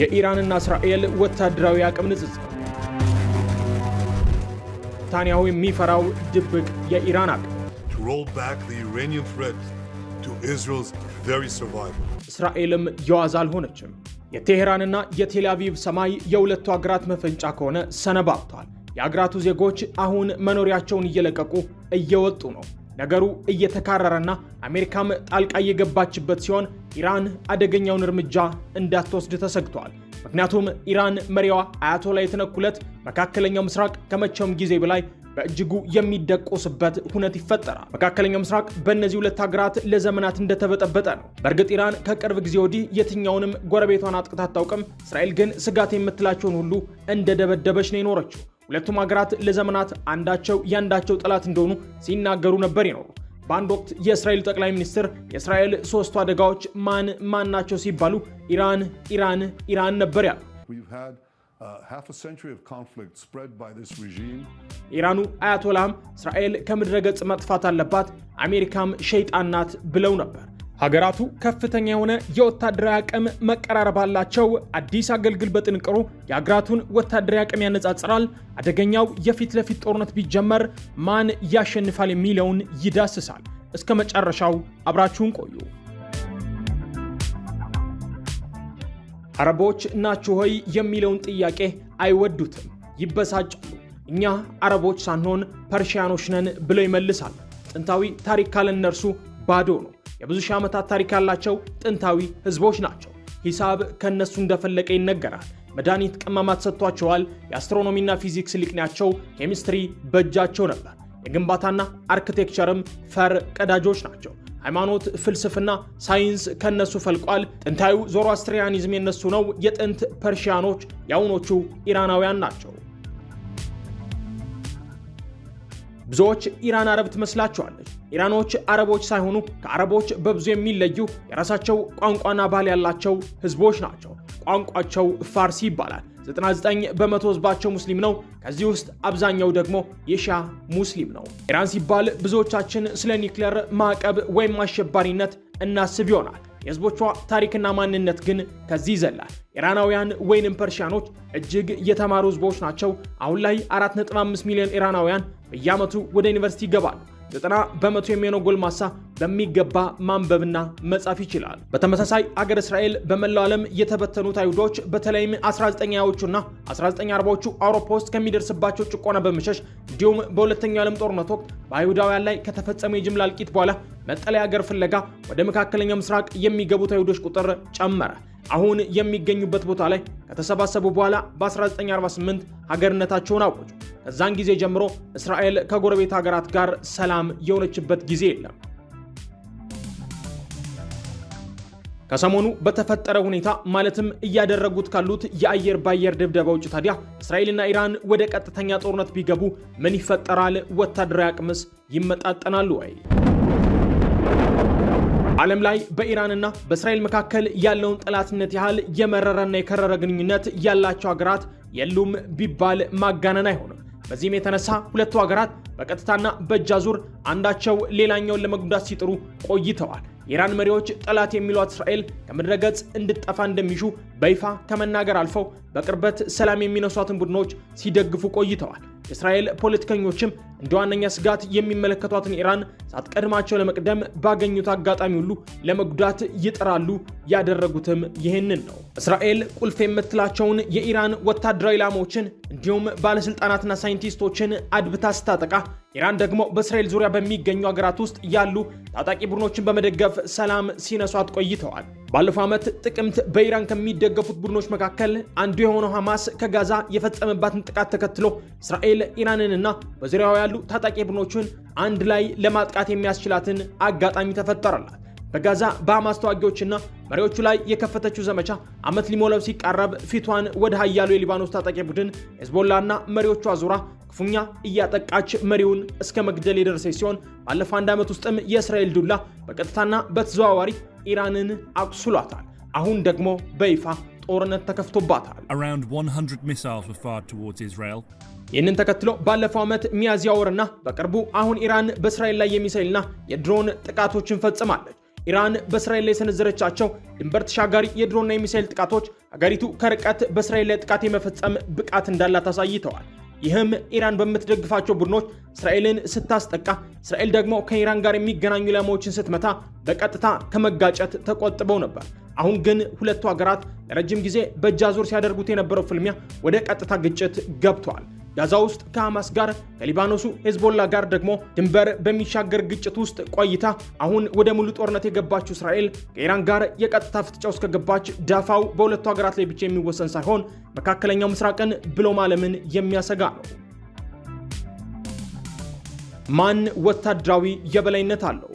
የኢራንና እስራኤል ወታደራዊ አቅም ንጽጽር። ኔታንያሁ የሚፈራው ድብቅ የኢራን አቅም። እስራኤልም የዋዛ አልሆነችም። የቴሄራንና የቴልአቪቭ ሰማይ የሁለቱ አገራት መፈንጫ ከሆነ ሰነባብቷል። የአገራቱ ዜጎች አሁን መኖሪያቸውን እየለቀቁ እየወጡ ነው። ነገሩ እየተካረረና አሜሪካም ጣልቃ እየገባችበት ሲሆን ኢራን አደገኛውን እርምጃ እንዳትወስድ ተሰግቷል። ምክንያቱም ኢራን መሪዋ አያቶላ የተነኩለት መካከለኛው ምስራቅ ከመቼውም ጊዜ በላይ በእጅጉ የሚደቆስበት ሁነት ይፈጠራል። መካከለኛው ምስራቅ በእነዚህ ሁለት ሀገራት ለዘመናት እንደተበጠበጠ ነው። በእርግጥ ኢራን ከቅርብ ጊዜ ወዲህ የትኛውንም ጎረቤቷን አጥቅታ አታውቅም። እስራኤል ግን ስጋት የምትላቸውን ሁሉ እንደደበደበች ነው የኖረችው። ሁለቱም ሀገራት ለዘመናት አንዳቸው ያንዳቸው ጠላት እንደሆኑ ሲናገሩ ነበር ይኖሩ። በአንድ ወቅት የእስራኤል ጠቅላይ ሚኒስትር የእስራኤል ሶስቱ አደጋዎች ማን ማን ናቸው ሲባሉ ኢራን ኢራን ኢራን ነበር ያሉ። uh, ኢራኑ አያቶላም እስራኤል ከምድረገጽ መጥፋት አለባት፣ አሜሪካም ሸይጣን ናት ብለው ነበር። ሀገራቱ ከፍተኛ የሆነ የወታደራዊ አቅም መቀራረብ አላቸው። አዲስ አገልግል በጥንቅሩ የሀገራቱን ወታደራዊ አቅም ያነጻጽራል። አደገኛው የፊት ለፊት ጦርነት ቢጀመር ማን ያሸንፋል የሚለውን ይዳስሳል። እስከ መጨረሻው አብራችሁን ቆዩ። አረቦች ናችሁ ሆይ የሚለውን ጥያቄ አይወዱትም፣ ይበሳጫሉ። እኛ አረቦች ሳንሆን ፐርሺያኖች ነን ብለው ይመልሳል። ጥንታዊ ታሪክ ካለ እነርሱ ባዶ ነው። የብዙ ሺህ ዓመታት ታሪክ ያላቸው ጥንታዊ ህዝቦች ናቸው። ሂሳብ ከእነሱ እንደፈለቀ ይነገራል። መድኃኒት ቅመማት ሰጥቷቸዋል የአስትሮኖሚና ፊዚክስ ሊቅንያቸው ኬሚስትሪ በእጃቸው ነበር። የግንባታና አርክቴክቸርም ፈር ቀዳጆች ናቸው። ሃይማኖት፣ ፍልስፍና፣ ሳይንስ ከነሱ ፈልቋል። ጥንታዊ ዞሮአስትሪያኒዝም የነሱ ነው። የጥንት ፐርሺያኖች የአሁኖቹ ኢራናውያን ናቸው። ብዙዎች ኢራን አረብ ትመስላቸዋለች። ኢራኖች አረቦች ሳይሆኑ ከአረቦች በብዙ የሚለዩ የራሳቸው ቋንቋና ባህል ያላቸው ህዝቦች ናቸው። ቋንቋቸው ፋርሲ ይባላል። 99 በመቶ ህዝባቸው ሙስሊም ነው። ከዚህ ውስጥ አብዛኛው ደግሞ የሻ ሙስሊም ነው። ኢራን ሲባል ብዙዎቻችን ስለ ኒክለር ማዕቀብ ወይም አሸባሪነት እናስብ ይሆናል። የህዝቦቿ ታሪክና ማንነት ግን ከዚህ ይዘላል። ኢራናውያን ወይንም ፐርሺያኖች እጅግ የተማሩ ህዝቦች ናቸው። አሁን ላይ 4.5 ሚሊዮን ኢራናውያን በየዓመቱ ወደ ዩኒቨርሲቲ ይገባሉ። ዘጠና በመቶ የሚሆነው ጎልማሳ በሚገባ ማንበብና መጻፍ ይችላል። በተመሳሳይ አገር እስራኤል በመላው ዓለም የተበተኑት አይሁዶች በተለይም 1920ዎቹና 1940ዎቹ አውሮፓ ውስጥ ከሚደርስባቸው ጭቆና በመሸሽ እንዲሁም በሁለተኛው ዓለም ጦርነት ወቅት በአይሁዳውያን ላይ ከተፈጸመ የጅምላ እልቂት በኋላ መጠለያ አገር ፍለጋ ወደ መካከለኛው ምስራቅ የሚገቡት አይሁዶች ቁጥር ጨመረ። አሁን የሚገኙበት ቦታ ላይ ከተሰባሰቡ በኋላ በ1948 ሀገርነታቸውን አወጁ። ከዛን ጊዜ ጀምሮ እስራኤል ከጎረቤት ሀገራት ጋር ሰላም የሆነችበት ጊዜ የለም። ከሰሞኑ በተፈጠረ ሁኔታ ማለትም እያደረጉት ካሉት የአየር ባየር ድብደባ ውጭ ታዲያ እስራኤልና ኢራን ወደ ቀጥተኛ ጦርነት ቢገቡ ምን ይፈጠራል? ወታደራዊ አቅምስ ይመጣጠናሉ ወይ? ዓለም ላይ በኢራንና በእስራኤል መካከል ያለውን ጠላትነት ያህል የመረረና የከረረ ግንኙነት ያላቸው ሀገራት የሉም ቢባል ማጋነን አይሆንም። በዚህም የተነሳ ሁለቱ ሀገራት በቀጥታና በእጅ አዙር አንዳቸው ሌላኛውን ለመጉዳት ሲጥሩ ቆይተዋል። የኢራን መሪዎች ጠላት የሚሏት እስራኤል ከምድረ ገጽ እንድጠፋ እንደሚሹ በይፋ ከመናገር አልፈው በቅርበት ሰላም የሚነሷትን ቡድኖች ሲደግፉ ቆይተዋል። የእስራኤል ፖለቲከኞችም እንደ ዋነኛ ስጋት የሚመለከቷትን ኢራን ሳትቀድማቸው ለመቅደም ባገኙት አጋጣሚ ሁሉ ለመጉዳት ይጥራሉ። ያደረጉትም ይህንን ነው። እስራኤል ቁልፍ የምትላቸውን የኢራን ወታደራዊ ላማዎችን እንዲሁም ባለስልጣናትና ሳይንቲስቶችን አድብታ ስታጠቃ ኢራን ደግሞ በእስራኤል ዙሪያ በሚገኙ ሀገራት ውስጥ ያሉ ታጣቂ ቡድኖችን በመደገፍ ሰላም ሲነሷት ቆይተዋል። ባለፈው ዓመት ጥቅምት በኢራን ከሚደገፉት ቡድኖች መካከል አንዱ የሆነው ሐማስ ከጋዛ የፈጸመባትን ጥቃት ተከትሎ እስራኤል ኢራንንና በዙሪያዋ ያሉ ታጣቂ ቡድኖችን አንድ ላይ ለማጥቃት የሚያስችላትን አጋጣሚ ተፈጠረላት። በጋዛ በሐማስ ተዋጊዎችና መሪዎቹ ላይ የከፈተችው ዘመቻ ዓመት ሊሞላው ሲቃረብ ፊቷን ወደ ኃያሉ የሊባኖስ ታጣቂ ቡድን ሄዝቦላና መሪዎቹ አዙራ ክፉኛ እያጠቃች መሪውን እስከ መግደል የደረሰች ሲሆን ባለፈው አንድ ዓመት ውስጥም የእስራኤል ዱላ በቀጥታና በተዘዋዋሪ ኢራንን አቁስሏታል። አሁን ደግሞ በይፋ ጦርነት ተከፍቶባታል። ይህንን ተከትሎ ባለፈው ዓመት ሚያዝያ ወርና በቅርቡ አሁን ኢራን በእስራኤል ላይ የሚሳይልና የድሮን ጥቃቶችን ፈጽማለች። ኢራን በእስራኤል ላይ የሰነዘረቻቸው ድንበር ተሻጋሪ የድሮና የሚሳይል ጥቃቶች ሀገሪቱ ከርቀት በእስራኤል ላይ ጥቃት የመፈጸም ብቃት እንዳላት አሳይተዋል። ይህም ኢራን በምትደግፋቸው ቡድኖች እስራኤልን ስታስጠቃ፣ እስራኤል ደግሞ ከኢራን ጋር የሚገናኙ ኢላማዎችን ስትመታ በቀጥታ ከመጋጨት ተቆጥበው ነበር። አሁን ግን ሁለቱ ሀገራት ለረጅም ጊዜ በእጅ አዙር ሲያደርጉት የነበረው ፍልሚያ ወደ ቀጥታ ግጭት ገብቷል። ጋዛ ውስጥ ከሐማስ ጋር ከሊባኖሱ ሄዝቦላ ጋር ደግሞ ድንበር በሚሻገር ግጭት ውስጥ ቆይታ አሁን ወደ ሙሉ ጦርነት የገባችው እስራኤል ከኢራን ጋር የቀጥታ ፍጥጫ ውስጥ ከገባች ዳፋው በሁለቱ ሀገራት ላይ ብቻ የሚወሰን ሳይሆን መካከለኛው ምስራቅን ብሎም ዓለምን የሚያሰጋ ነው። ማን ወታደራዊ የበላይነት አለው?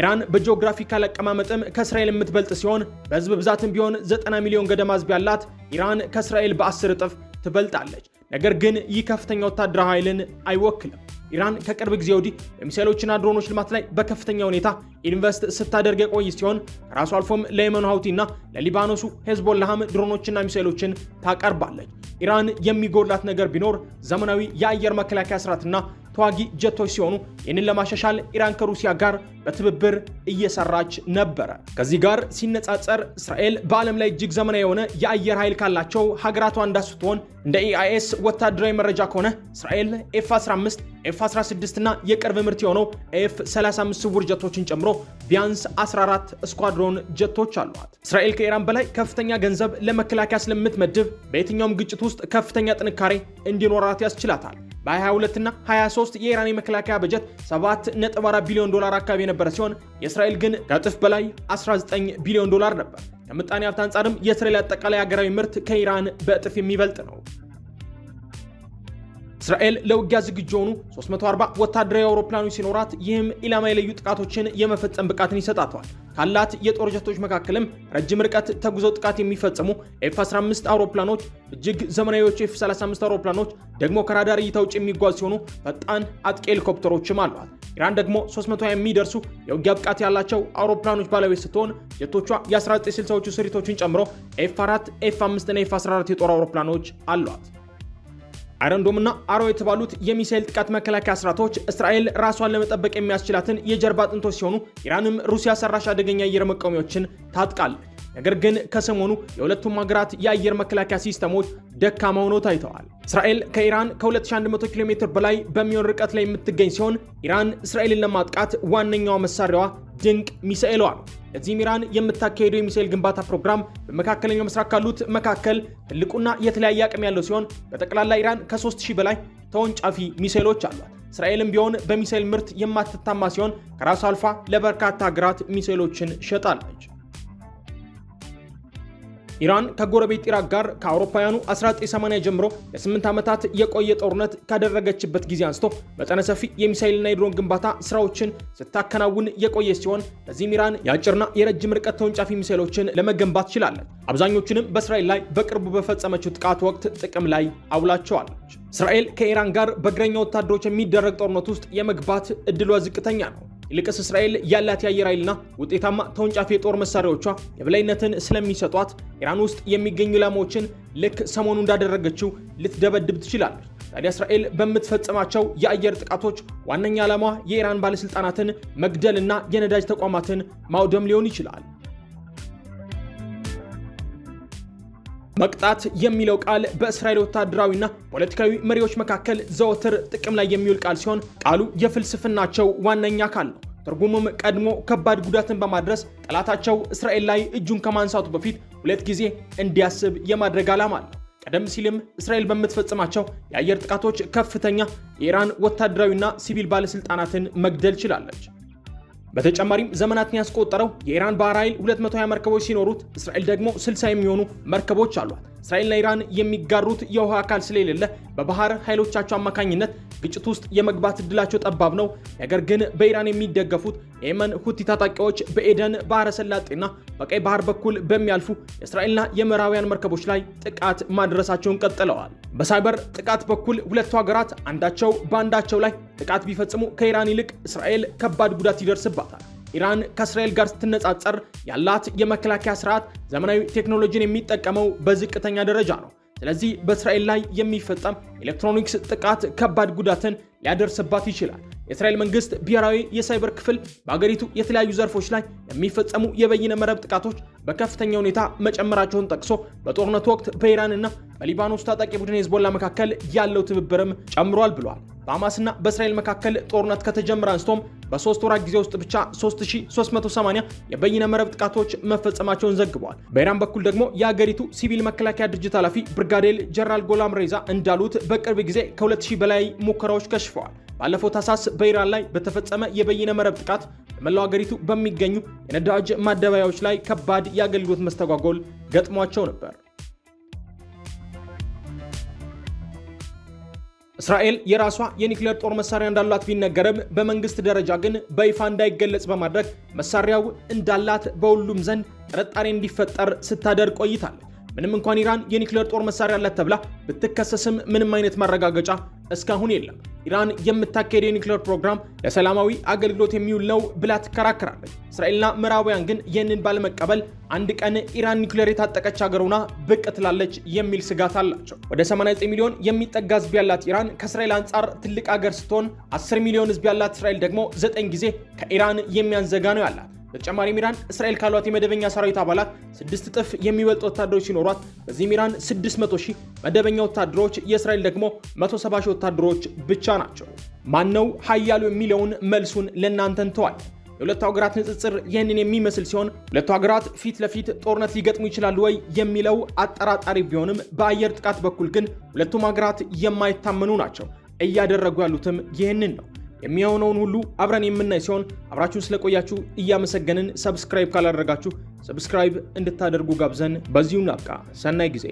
ኢራን በጂኦግራፊካል አቀማመጥም ከእስራኤል የምትበልጥ ሲሆን በህዝብ ብዛትም ቢሆን 90 ሚሊዮን ገደማ ህዝብ ያላት ኢራን ከእስራኤል በ10 እጥፍ ትበልጣለች። ነገር ግን ይህ ከፍተኛ ወታደራዊ ኃይልን አይወክልም። ኢራን ከቅርብ ጊዜ ወዲህ በሚሳይሎችና ድሮኖች ልማት ላይ በከፍተኛ ሁኔታ ኢንቨስት ስታደርግ የቆይ ሲሆን ከራሱ አልፎም ለየመኑ ሀውቲና ለሊባኖሱ ሄዝቦላህም ድሮኖችና ሚሳይሎችን ታቀርባለች። ኢራን የሚጎላት ነገር ቢኖር ዘመናዊ የአየር መከላከያ ስርዓትና ተዋጊ ጀቶች ሲሆኑ ይህንን ለማሻሻል ኢራን ከሩሲያ ጋር በትብብር እየሰራች ነበረ። ከዚህ ጋር ሲነጻጸር እስራኤል በዓለም ላይ እጅግ ዘመናዊ የሆነ የአየር ኃይል ካላቸው ሀገራቷ እንዳስትሆን ስትሆን እንደ ኢአይኤስ ወታደራዊ መረጃ ከሆነ እስራኤል ኤፍ 15 ኤፍ 16 እና የቅርብ ምርት የሆነው ኤፍ 35 ስውር ጀቶችን ጨምሮ ቢያንስ 14 ስኳድሮን ጀቶች አሏት። እስራኤል ከኢራን በላይ ከፍተኛ ገንዘብ ለመከላከያ ስለምትመድብ በየትኛውም ግጭት ውስጥ ከፍተኛ ጥንካሬ እንዲኖራት ያስችላታል። በ22 እና 23 2023 የኢራን የመከላከያ በጀት 7.4 ቢሊዮን ዶላር አካባቢ የነበረ ሲሆን የእስራኤል ግን ከእጥፍ በላይ 19 ቢሊዮን ዶላር ነበር። ከምጣኔ ሀብት አንጻርም የእስራኤል አጠቃላይ ሀገራዊ ምርት ከኢራን በእጥፍ የሚበልጥ ነው። እስራኤል ለውጊያ ዝግጁ የሆኑ 340 ወታደራዊ አውሮፕላኖች ሲኖራት ይህም ኢላማ የለዩ ጥቃቶችን የመፈጸም ብቃትን ይሰጣቷል። ካላት የጦር ጀቶች መካከልም ረጅም ርቀት ተጉዘው ጥቃት የሚፈጽሙ ኤፍ 15 አውሮፕላኖች፣ እጅግ ዘመናዊዎቹ ኤፍ 35 አውሮፕላኖች ደግሞ ከራዳር እይታ ውጭ የሚጓዝ ሲሆኑ ፈጣን አጥቂ ሄሊኮፕተሮችም አሏት። ኢራን ደግሞ 320 የሚደርሱ የውጊያ ብቃት ያላቸው አውሮፕላኖች ባለቤት ስትሆን ጀቶቿ የ1960ዎቹ ስሪቶችን ጨምሮ ኤፍ 4፣ ኤፍ 5 እና ኤፍ 14 የጦር አውሮፕላኖች አሏት። አረንዶምና አሮ የተባሉት የሚሳኤል ጥቃት መከላከያ ስርዓቶች እስራኤል ራሷን ለመጠበቅ የሚያስችላትን የጀርባ አጥንቶች ሲሆኑ ኢራንም ሩሲያ ሰራሽ አደገኛ አየር መቃወሚያዎችን ታጥቃለች። ነገር ግን ከሰሞኑ የሁለቱም ሀገራት የአየር መከላከያ ሲስተሞች ደካማ ሆኖ ታይተዋል። እስራኤል ከኢራን ከ2100 ኪሎ ሜትር በላይ በሚሆን ርቀት ላይ የምትገኝ ሲሆን ኢራን እስራኤልን ለማጥቃት ዋነኛዋ መሳሪያዋ ድንቅ ሚሳኤሏ ነው። ለዚህም ኢራን የምታካሄደው የሚሳኤል ግንባታ ፕሮግራም በመካከለኛው ምስራቅ ካሉት መካከል ትልቁና የተለያየ አቅም ያለው ሲሆን በጠቅላላ ኢራን ከ3000 በላይ ተወንጫፊ ሚሳኤሎች አሏት። እስራኤልም ቢሆን በሚሳኤል ምርት የማትታማ ሲሆን ከራሱ አልፋ ለበርካታ ሀገራት ሚሳኤሎችን ሸጣለች። ኢራን ከጎረቤት ኢራቅ ጋር ከአውሮፓውያኑ 1980 ጀምሮ ለ8 ዓመታት የቆየ ጦርነት ካደረገችበት ጊዜ አንስቶ መጠነ ሰፊ የሚሳይልና የድሮን ግንባታ ስራዎችን ስታከናውን የቆየ ሲሆን በዚህም ኢራን የአጭርና የረጅም ርቀት ተወንጫፊ ሚሳይሎችን ለመገንባት ችላለች። አብዛኞቹንም በእስራኤል ላይ በቅርቡ በፈጸመችው ጥቃት ወቅት ጥቅም ላይ አውላቸዋለች። እስራኤል ከኢራን ጋር በእግረኛ ወታደሮች የሚደረግ ጦርነት ውስጥ የመግባት እድሏ ዝቅተኛ ነው። ይልቅስ እስራኤል ያላት የአየር ኃይልና ውጤታማ ተወንጫፊ የጦር መሳሪያዎቿ የበላይነትን ስለሚሰጧት ኢራን ውስጥ የሚገኙ ኢላማዎችን ልክ ሰሞኑ እንዳደረገችው ልትደበድብ ትችላለች። ታዲያ እስራኤል በምትፈጽማቸው የአየር ጥቃቶች ዋነኛ ዓላማ የኢራን ባለሥልጣናትን መግደልና የነዳጅ ተቋማትን ማውደም ሊሆን ይችላል። መቅጣት የሚለው ቃል በእስራኤል ወታደራዊና ፖለቲካዊ መሪዎች መካከል ዘወትር ጥቅም ላይ የሚውል ቃል ሲሆን ቃሉ የፍልስፍናቸው ዋነኛ አካል ነው። ትርጉምም ቀድሞ ከባድ ጉዳትን በማድረስ ጠላታቸው እስራኤል ላይ እጁን ከማንሳቱ በፊት ሁለት ጊዜ እንዲያስብ የማድረግ ዓላማ አለው። ቀደም ሲልም እስራኤል በምትፈጽማቸው የአየር ጥቃቶች ከፍተኛ የኢራን ወታደራዊና ሲቪል ባለሥልጣናትን መግደል ችላለች። በተጨማሪም ዘመናትን ያስቆጠረው የኢራን ባህር ኃይል 220 መርከቦች ሲኖሩት እስራኤል ደግሞ 60 የሚሆኑ መርከቦች አሏት። እስራኤልና ኢራን የሚጋሩት የውሃ አካል ስለሌለ በባህር ኃይሎቻቸው አማካኝነት ግጭት ውስጥ የመግባት እድላቸው ጠባብ ነው። ነገር ግን በኢራን የሚደገፉት የየመን ሁቲ ታጣቂዎች በኤደን ባህረ ሰላጤና በቀይ ባህር በኩል በሚያልፉ የእስራኤልና የምዕራባውያን መርከቦች ላይ ጥቃት ማድረሳቸውን ቀጥለዋል። በሳይበር ጥቃት በኩል ሁለቱ ሀገራት አንዳቸው በአንዳቸው ላይ ጥቃት ቢፈጽሙ ከኢራን ይልቅ እስራኤል ከባድ ጉዳት ይደርስባታል። ኢራን ከእስራኤል ጋር ስትነጻጸር ያላት የመከላከያ ስርዓት ዘመናዊ ቴክኖሎጂን የሚጠቀመው በዝቅተኛ ደረጃ ነው። ስለዚህ በእስራኤል ላይ የሚፈጸም ኤሌክትሮኒክስ ጥቃት ከባድ ጉዳትን ሊያደርስባት ይችላል። የእስራኤል መንግስት ብሔራዊ የሳይበር ክፍል በአገሪቱ የተለያዩ ዘርፎች ላይ የሚፈጸሙ የበይነ መረብ ጥቃቶች በከፍተኛ ሁኔታ መጨመራቸውን ጠቅሶ በጦርነቱ ወቅት በኢራንና በሊባኖስ ታጣቂ ቡድን ሄዝቦላ መካከል ያለው ትብብርም ጨምሯል ብሏል። በሐማስና በእስራኤል መካከል ጦርነት ከተጀመረ አንስቶም በሶስት ወራት ጊዜ ውስጥ ብቻ 3380 የበይነ መረብ ጥቃቶች መፈጸማቸውን ዘግቧል። በኢራን በኩል ደግሞ የአገሪቱ ሲቪል መከላከያ ድርጅት ኃላፊ ብርጋዴር ጀነራል ጎላም ሬዛ እንዳሉት በቅርብ ጊዜ ከ2000 በላይ ሙከራዎች ከሽፈዋል። ባለፈው ታህሳስ በኢራን ላይ በተፈጸመ የበይነ መረብ ጥቃት በመላው አገሪቱ በሚገኙ የነዳጅ ማደባያዎች ላይ ከባድ የአገልግሎት መስተጓጎል ገጥሟቸው ነበር። እስራኤል የራሷ የኒክሌር ጦር መሳሪያ እንዳላት ቢነገርም በመንግስት ደረጃ ግን በይፋ እንዳይገለጽ በማድረግ መሳሪያው እንዳላት በሁሉም ዘንድ ጥርጣሬ እንዲፈጠር ስታደር ቆይታለች። ምንም እንኳን ኢራን የኒክሌር ጦር መሳሪያ አላት ተብላ ብትከሰስም ምንም አይነት ማረጋገጫ እስካሁን የለም። ኢራን የምታካሄደው የኒክሌር ፕሮግራም ለሰላማዊ አገልግሎት የሚውል ነው ብላ ትከራከራለች። እስራኤልና ምዕራባውያን ግን ይህንን ባለመቀበል አንድ ቀን ኢራን ኒክሌር የታጠቀች ሀገር ሆና ብቅ ትላለች የሚል ስጋት አላቸው። ወደ 89 ሚሊዮን የሚጠጋ ህዝብ ያላት ኢራን ከእስራኤል አንጻር ትልቅ ሀገር ስትሆን 10 ሚሊዮን ህዝብ ያላት እስራኤል ደግሞ ዘጠኝ ጊዜ ከኢራን የሚያንዘጋ ነው ያላት። በተጨማሪም ኢራን እስራኤል ካሏት የመደበኛ ሰራዊት አባላት ስድስት እጥፍ የሚበልጥ ወታደሮች ሲኖሯት በዚህም ኢራን 600 ሺህ መደበኛ ወታደሮች፣ የእስራኤል ደግሞ 170 ሺህ ወታደሮች ብቻ ናቸው። ማነው ሀያሉ የሚለውን መልሱን ለእናንተ እንተዋለን። የሁለቱ ሀገራት ንጽጽር ይህንን የሚመስል ሲሆን ሁለቱ ሀገራት ፊት ለፊት ጦርነት ሊገጥሙ ይችላሉ ወይ የሚለው አጠራጣሪ ቢሆንም በአየር ጥቃት በኩል ግን ሁለቱም ሀገራት የማይታመኑ ናቸው። እያደረጉ ያሉትም ይህንን ነው። የሚሆነውን ሁሉ አብረን የምናይ ሲሆን አብራችሁን ስለቆያችሁ እያመሰገንን ሰብስክራይብ ካላደረጋችሁ ሰብስክራይብ እንድታደርጉ ጋብዘን በዚሁ እናብቃ። ሰናይ ጊዜ